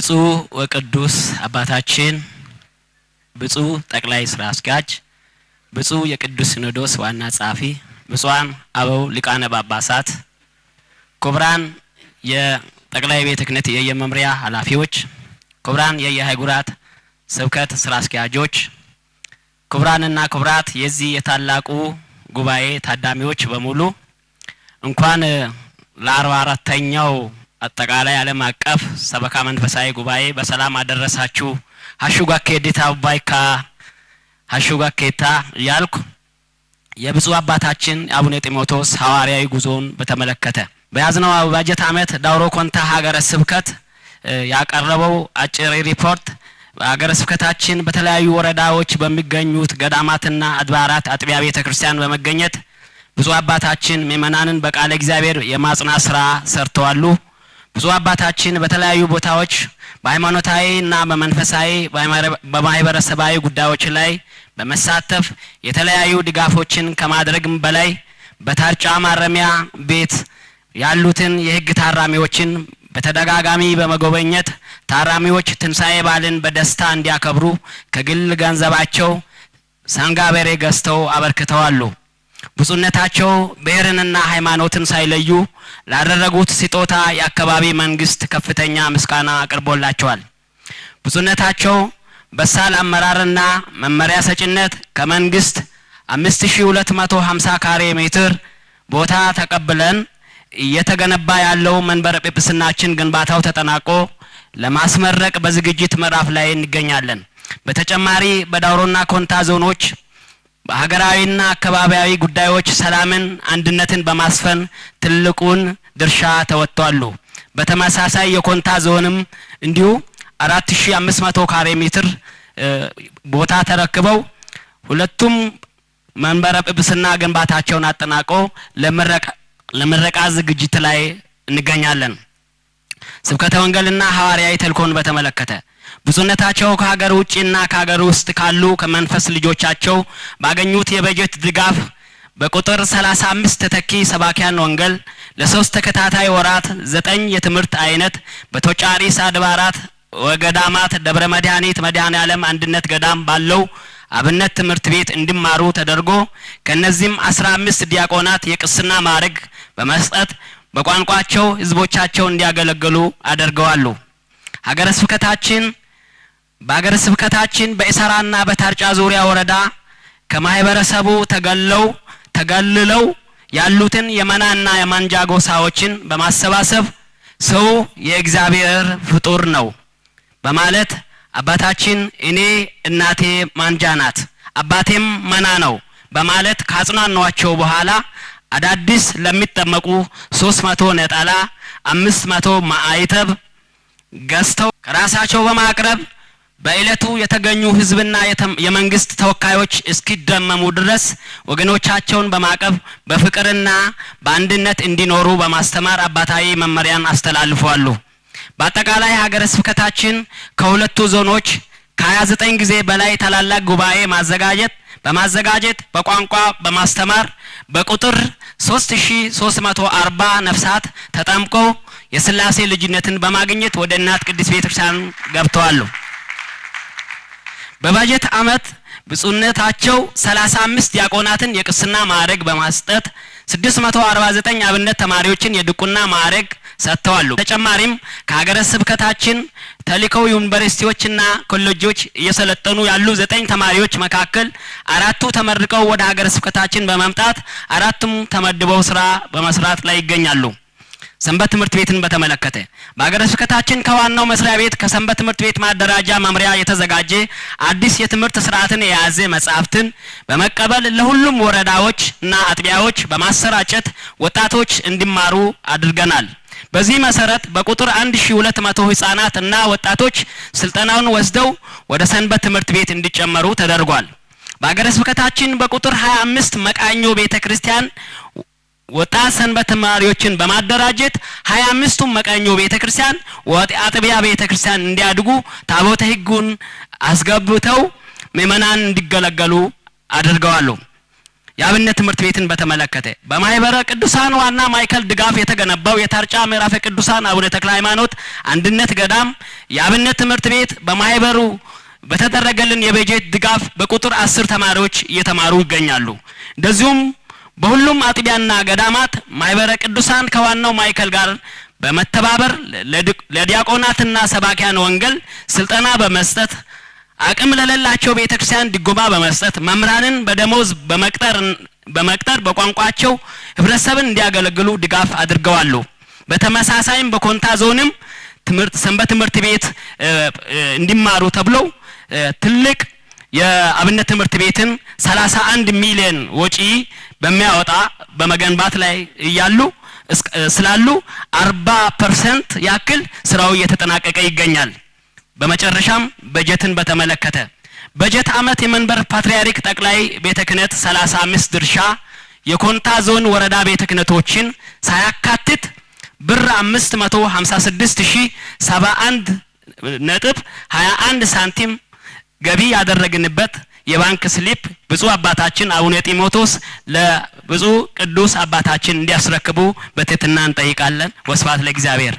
ብፁዕ ወቅዱስ አባታችን ብፁዕ ጠቅላይ ስራ አስኪያጅ፣ ብፁዕ የቅዱስ ሲኖዶስ ዋና ጸሐፊ፣ ብፁዓን አበው ሊቃነ ጳጳሳት፣ ክቡራን የጠቅላይ ቤተ ክህነት የየመምሪያ ኃላፊዎች፣ ክቡራን የየአህጉራት ስብከት ስራ አስኪያጆች፣ ክቡራንና ክቡራት የዚህ የታላቁ ጉባኤ ታዳሚዎች በሙሉ እንኳን ለአርባ አራተኛው አጠቃላይ ዓለም አቀፍ ሰበካ መንፈሳዊ ጉባኤ በሰላም አደረሳችሁ። ሀሹጋ ኬዲታ አባይካ ሀሹጋ ኬታ እያልኩ የብፁዕ አባታችን አቡነ ጢሞቴዎስ ሐዋርያዊ ጉዞውን በተመለከተ በያዝነው ባጀት ዓመት ዳውሮ ኮንታ ሀገረ ስብከት ያቀረበው አጭር ሪፖርት በሀገረ ስብከታችን በተለያዩ ወረዳዎች በሚገኙት ገዳማትና አድባራት አጥቢያ ቤተ ክርስቲያን በመገኘት ብፁዕ አባታችን ምእመናንን በቃለ እግዚአብሔር የማጽናት ስራ ሰርተዋሉ። ብፁዕ አባታችን በተለያዩ ቦታዎች በሃይማኖታዊ እና በመንፈሳዊ በማህበረሰባዊ ጉዳዮች ላይ በመሳተፍ የተለያዩ ድጋፎችን ከማድረግም በላይ በታርጫ ማረሚያ ቤት ያሉትን የህግ ታራሚዎችን በተደጋጋሚ በመጎበኘት ታራሚዎች ትንሣኤ በዓልን በደስታ እንዲያከብሩ ከግል ገንዘባቸው ሰንጋ በሬ ገዝተው አበርክተዋሉ። ብዙነታቸው ብሔርንና ሃይማኖትን ሳይለዩ ላደረጉት ስጦታ የአካባቢ መንግስት ከፍተኛ ምስጋና አቅርቦላቸዋል። ብዙነታቸው በሳል አመራርና መመሪያ ሰጭነት ከመንግስት 5250 ካሬ ሜትር ቦታ ተቀብለን እየተገነባ ያለው መንበረ ጵጵስናችን ግንባታው ተጠናቆ ለማስመረቅ በዝግጅት ምዕራፍ ላይ እንገኛለን። በተጨማሪ በዳውሮና ኮንታ ዞኖች በሀገራዊና አካባቢያዊ ጉዳዮች ሰላምን፣ አንድነትን በማስፈን ትልቁን ድርሻ ተወጥተዋሉ። በተመሳሳይ የኮንታ ዞንም እንዲሁ 4500 ካሬ ሜትር ቦታ ተረክበው ሁለቱም መንበረ ጵጵስና ግንባታቸውን አጠናቆ ለምረቃ ዝግጅት ላይ እንገኛለን። ስብከተ ወንጌልና ሐዋርያዊ ተልእኮን በተመለከተ ብዙነታቸው ከሀገር ውጭና ከሀገር ውስጥ ካሉ ከመንፈስ ልጆቻቸው ባገኙት የበጀት ድጋፍ በቁጥር 35 ተተኪ ሰባኪያን ወንጌል ለሶስት ተከታታይ ወራት ዘጠኝ የትምህርት አይነት በቶጫሪስ አድባራት ወገዳማት ደብረ መድኃኒት መድኃኔ ዓለም አንድነት ገዳም ባለው አብነት ትምህርት ቤት እንዲማሩ ተደርጎ ከነዚህም 15 ዲያቆናት የቅስና ማዕረግ በመስጠት በቋንቋቸው ህዝቦቻቸው እንዲያገለግሉ አደርገዋሉ። ሀገረ ስብከታችን በአገረ ስብከታችን በኢሰራና በታርጫ ዙሪያ ወረዳ ከማህበረሰቡ ተገለው ተገልለው ያሉትን የመናና የማንጃ ጎሳዎችን በማሰባሰብ ሰው የእግዚአብሔር ፍጡር ነው በማለት አባታችን እኔ እናቴ ማንጃ ናት፣ አባቴም መና ነው በማለት ካጽናኗቸው በኋላ አዳዲስ ለሚጠመቁ 300 መቶ ነጠላ አምስት መቶ ማዕተብ ገዝተው ከራሳቸው በማቅረብ በዕለቱ የተገኙ ህዝብና የመንግስት ተወካዮች እስኪደመሙ ድረስ ወገኖቻቸውን በማቀፍ በፍቅርና በአንድነት እንዲኖሩ በማስተማር አባታዊ መመሪያን አስተላልፏሉ። በአጠቃላይ ሀገረ ስብከታችን ከሁለቱ ዞኖች ከ29 ጊዜ በላይ ታላላቅ ጉባኤ ማዘጋጀት በማዘጋጀት በቋንቋ በማስተማር በቁጥር 3340 ነፍሳት ተጠምቀው የስላሴ ልጅነትን በማግኘት ወደ እናት ቅድስት ቤተክርስቲያን ገብተዋሉ። በባጀት ዓመት ብፁዕነታቸው 35 ዲያቆናትን የቅስና ማዕረግ በማስጠት 649 አብነት ተማሪዎችን የድቁና ማዕረግ ሰጥተዋሉ። ተጨማሪም ከሀገረ ስብከታችን ተልከው ዩኒቨርሲቲዎችና ኮሌጆች እየሰለጠኑ ያሉ ዘጠኝ ተማሪዎች መካከል አራቱ ተመርቀው ወደ ሀገረ ስብከታችን በመምጣት አራቱም ተመድበው ስራ በመስራት ላይ ይገኛሉ። ሰንበት ትምህርት ቤትን በተመለከተ በሀገረ ስብከታችን ከዋናው መስሪያ ቤት ከሰንበት ትምህርት ቤት ማደራጃ መምሪያ የተዘጋጀ አዲስ የትምህርት ስርዓትን የያዘ መጽሐፍትን በመቀበል ለሁሉም ወረዳዎች እና አጥቢያዎች በማሰራጨት ወጣቶች እንዲማሩ አድርገናል። በዚህ መሰረት በቁጥር 1200 ህጻናት እና ወጣቶች ስልጠናውን ወስደው ወደ ሰንበት ትምህርት ቤት እንዲጨመሩ ተደርጓል። በሀገረ ስብከታችን በቁጥር 25 መቃኞ ቤተ ክርስቲያን ወጣት ሰንበት ተማሪዎችን በማደራጀት ሀያ አምስቱም መቀኞ ቤተ ክርስቲያን ወጥ አጥቢያ ቤተ ክርስቲያን እንዲያድጉ ታቦተ ሕጉን አስገብተው ምእመናን እንዲገለገሉ አድርገዋሉ። የአብነት ትምህርት ቤትን በተመለከተ በማህበረ ቅዱሳን ዋና ማዕከል ድጋፍ የተገነባው የታርጫ ምዕራፈ ቅዱሳን አቡነ ተክለ ሃይማኖት አንድነት ገዳም የአብነት ትምህርት ቤት በማህበሩ በተደረገልን የበጀት ድጋፍ በቁጥር አስር ተማሪዎች እየተማሩ ይገኛሉ። እንደዚሁም በሁሉም አጥቢያና ገዳማት ማይበረ ቅዱሳን ከዋናው ማዕከል ጋር በመተባበር ለዲያቆናትና ሰባኪያን ወንጌል ስልጠና በመስጠት አቅም ለሌላቸው ቤተ ክርስቲያን ድጎማ በመስጠት መምህራንን በደሞዝ በመቅጠር በቋንቋቸው ህብረተሰብን እንዲያገለግሉ ድጋፍ አድርገዋሉ። በተመሳሳይም በኮንታ ዞንም ትምህርት ሰንበት ትምህርት ቤት እንዲማሩ ተብሎ ትልቅ የአብነት ትምህርት ቤትን 31 ሚሊዮን ወጪ በሚያወጣ በመገንባት ላይ እያሉ ስላሉ አርባ ፐርሰንት ያክል ስራው እየተጠናቀቀ ይገኛል። በመጨረሻም በጀትን በተመለከተ በጀት ዓመት የመንበር ፓትርያርክ ጠቅላይ ቤተ ክህነት 35 ድርሻ የኮንታ ዞን ወረዳ ቤተ ክህነቶችን ሳያካትት ብር 556071 ነጥብ 21 ሳንቲም ገቢ ያደረግንበት የባንክ ስሊፕ ብፁዕ አባታችን አቡነ ጢሞቴዎስ ለብፁዕ ቅዱስ አባታችን እንዲያስረክቡ በትህትና እንጠይቃለን። ወስፋት ለእግዚአብሔር።